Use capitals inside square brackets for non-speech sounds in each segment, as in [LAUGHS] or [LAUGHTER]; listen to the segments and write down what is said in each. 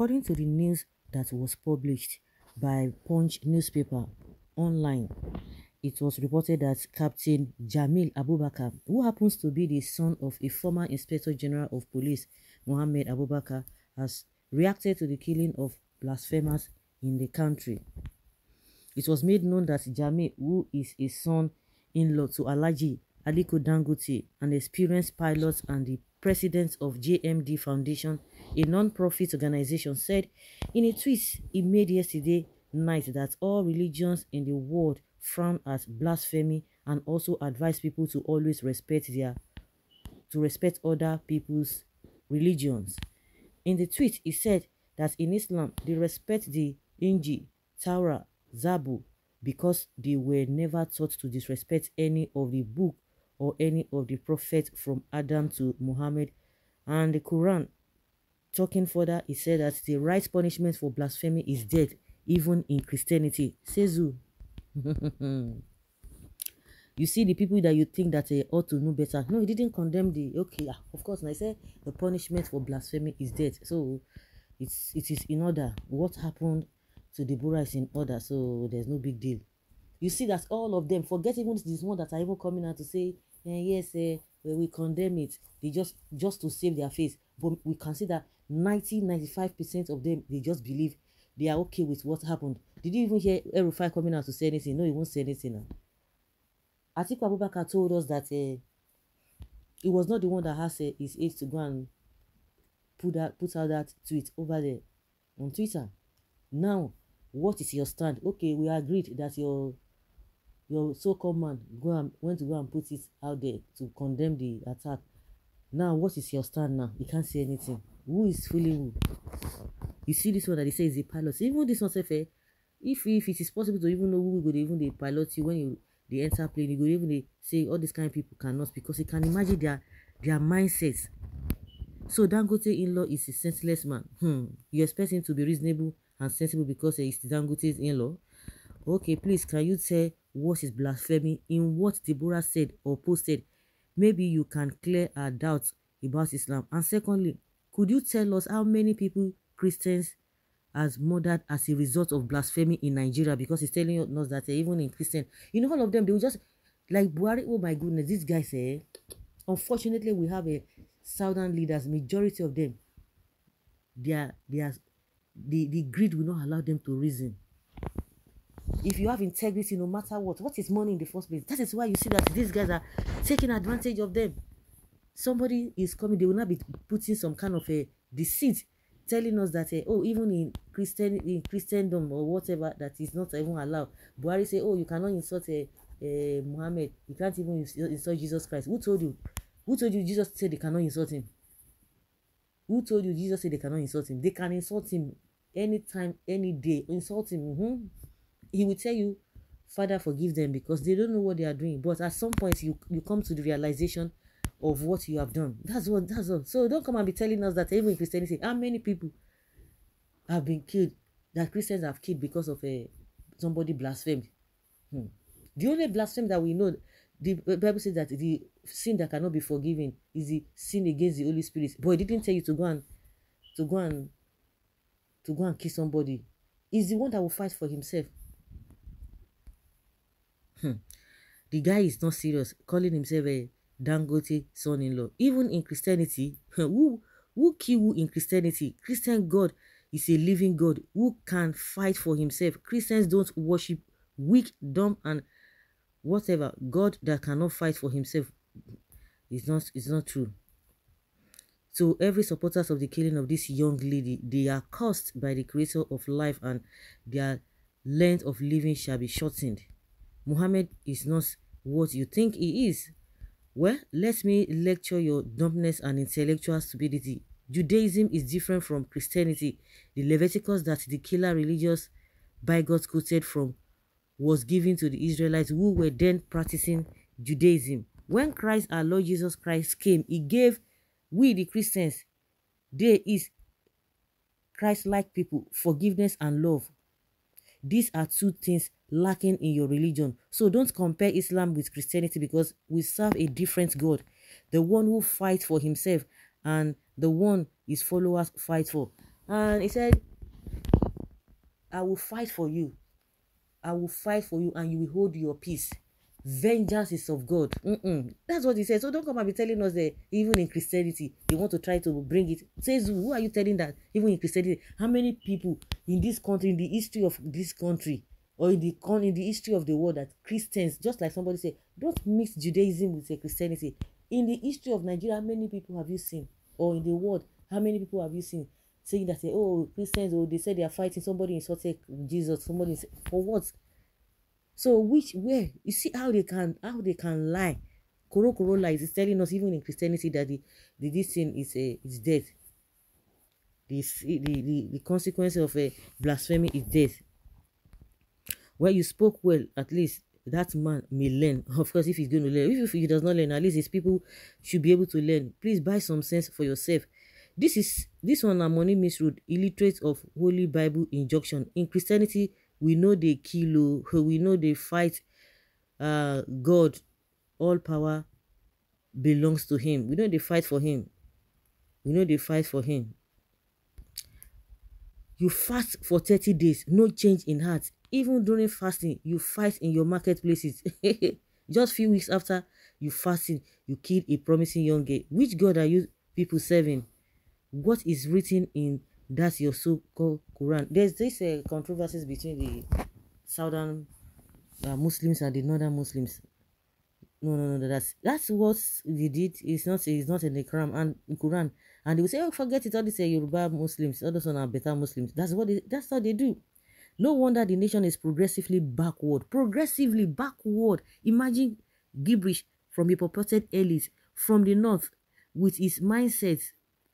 According to the news that was published by Punch newspaper online, it was reported that Captain Jamil Abubakar, who happens to be the son of a former Inspector General of Police, Mohammed Abubakar, has reacted to the killing of blasphemers in the country. It was made known that Jamil, who is a son-in-law to Alaji Aliko Dangote, an experienced pilot and the president of JMD Foundation, a non-profit organization, said in a tweet he made yesterday night that all religions in the world frown at blasphemy and also advise people to always respect their to respect other people's religions. In the tweet, he said that in Islam they respect the Inji, Torah, Zabu because they were never taught to disrespect any of the book or any of the prophets from Adam to Muhammad and the Quran. Talking further, he said that the right punishment for blasphemy is death, even in Christianity. Sezu. [LAUGHS] you see the people that you think that they eh, ought to know better. No, he didn't condemn the okay, yeah, of course. And I said the punishment for blasphemy is death. So it's it is in order. What happened to Deborah is in order, so there's no big deal. You see that all of them, forget even this one that are even coming out to say eh, yes, eh, we condemn it. They just just to save their face. But we can see that 90, 95% of them, they just believe they are okay with what happened. Did you even hear Erufai coming out to say anything? No, he won't say anything now. Atiku Abubakar told us that eh. it was not the one that has uh, his age to go and put that put out that tweet over there on Twitter. Now, what is your stand? Okay, we agreed that your your so-called man go and went to go and put it out there to condemn the attack now what is your stand now you can't say anything who is fooling who you see this one that they say is a pilot even this one sef if if it is possible to even know who go dey even dey pilot you when you dey enter plane you go even dey say all these kind of people cannot because you can imagine their their mindset so dangote in-law is a senseless man hmm you expect him to be reasonable and sensible because eh, he's dangote's in-law okay please can you tell what is blasphemy in what Deborah said or posted. Maybe you can clear our doubts about Islam. And secondly, could you tell us how many people Christians has murdered as a result of blasphemy in Nigeria? Because he's telling us that uh, even in Christian, you know, all of them they will just like Buhari. Oh my goodness, these guys. Eh, unfortunately, we have a eh, southern leaders. Majority of them, they are, they are, the the greed will not allow them to reason if you have integrity no matter what what is money in the first place that is why you see that these guys are taking advantage of them somebody is coming they will not be putting some kind of a deceit telling us that uh, oh even in christian in christendom or whatever that is not even allowed buhari say oh you cannot insult uh, uh, muhammad you can't even insult jesus christ who told you who told you jesus said they cannot insult him who told you jesus said they cannot insult him they can insult him anytime any day insult him mm-hmm he will tell you father forgive them because they don't know what they are doing but at some point you you come to the realization of what you have done that's what that's all so don't come and be telling us that even in christianity how many people have been killed that christians have killed because of a eh, somebody blasphemed hmm. the only blasphemy that we know the bible says that the sin that cannot be forgiven is the sin against the holy spirit but it didn't tell you to go and to go and to go and kill somebody he's the one that will fight for himself Hmm. The guy is not serious, calling himself a Dangote son-in-law. Even in Christianity, [LAUGHS] who who kill who in Christianity? Christian God is a living God who can fight for himself. Christians don't worship weak, dumb, and whatever. God that cannot fight for himself is not is not true. So every supporters of the killing of this young lady, they are cursed by the creator of life and their length of living shall be shortened. Muhammad is not what you think he is. Well, let me lecture your dumbness and intellectual stupidity. Judaism is different from Christianity. The Leviticus that the killer religious by bigots quoted from was given to the Israelites who were then practicing Judaism. When Christ, our Lord Jesus Christ, came, he gave we, the Christians, there is Christ-like people, forgiveness and love. These are two things lacking in your religion. So don't compare Islam with Christianity because we serve a different God. The one who fights for himself and the one his followers fight for. And he said, I will fight for you. I will fight for you and you will hold your peace. Vengeance is of God. Mm-mm. That's what he said. So don't come and be telling us that even in Christianity, they want to try to bring it. Says who are you telling that? Even in Christianity, how many people in this country, in the history of this country, or in the con in the history of the world that Christians, just like somebody said, don't mix Judaism with say, Christianity. In the history of Nigeria, how many people have you seen? Or in the world, how many people have you seen saying that say, oh Christians, oh they say they are fighting somebody insulted Jesus, somebody insulted. for what? So which where you see how they can how they can lie. Koro Koro lies is telling us even in Christianity that the, the this is a eh, is death. This the, the, the consequence of a eh, blasphemy is death where you spoke well, at least that man may learn. [LAUGHS] Of course, if he's going to learn, if he does not learn, at least his people should be able to learn. Please buy some sense for yourself. This is this one Amoni misread illiterate of Holy Bible injunction. In Christianity, we know the kilo, oh. [LAUGHS] we know the fight. Uh, God, all power belongs to Him. We know the fight for Him. We know the fight for Him. You fast for 30 days, no change in heart even during fasting you fight in your marketplaces [LAUGHS] just few weeks after you fasting you killed a promising young girl which god are you people serving what is written in that your so-called quran there's this uh, controversies between the southern uh, muslims and the northern muslims no no no that's that's what they did it's not it's not in the quran and the quran and they will say oh forget it all these uh, yoruba muslims all are better muslims that's what they, that's what they do no wonder the nation is progressively backward. Progressively backward. Imagine gibberish from a purported elite from the north with his mindset,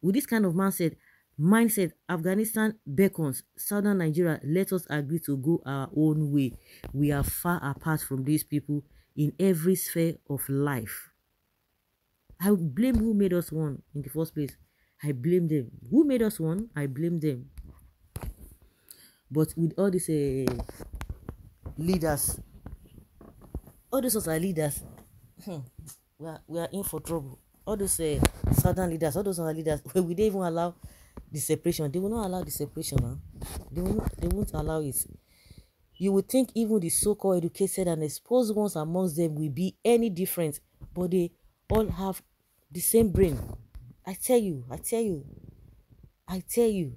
with this kind of mindset. Mindset Afghanistan beckons southern Nigeria. Let us agree to go our own way. We are far apart from these people in every sphere of life. I blame who made us one in the first place. I blame them. Who made us one? I blame them. But with all these uh, leaders, all these other leaders, hmm. we are, we are in for trouble. All those uh, eh, southern leaders, all those other leaders, [LAUGHS] we don't even allow the separation. They will not allow the separation. Huh? They, won't, they won't allow it. You would think even the so-called educated and exposed ones amongst them will be any different, but they all have the same brain. I tell you, I tell you, I tell you.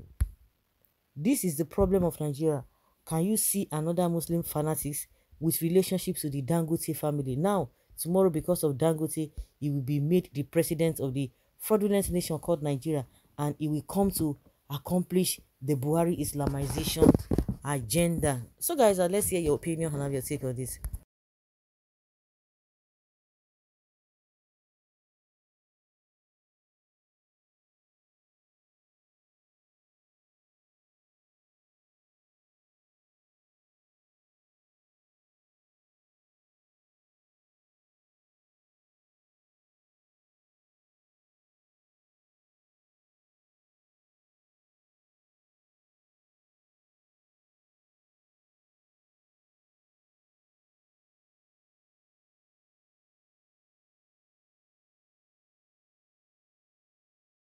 This is the problem of Nigeria. Can you see another Muslim fanatics with relationship to the Dangote family? Now, tomorrow, because of Dangote, he will be made the president of the fraudulent nation called Nigeria, and he will come to accomplish the Buhari Islamization agenda. So, guys, uh, let's hear your opinion and have your take on this.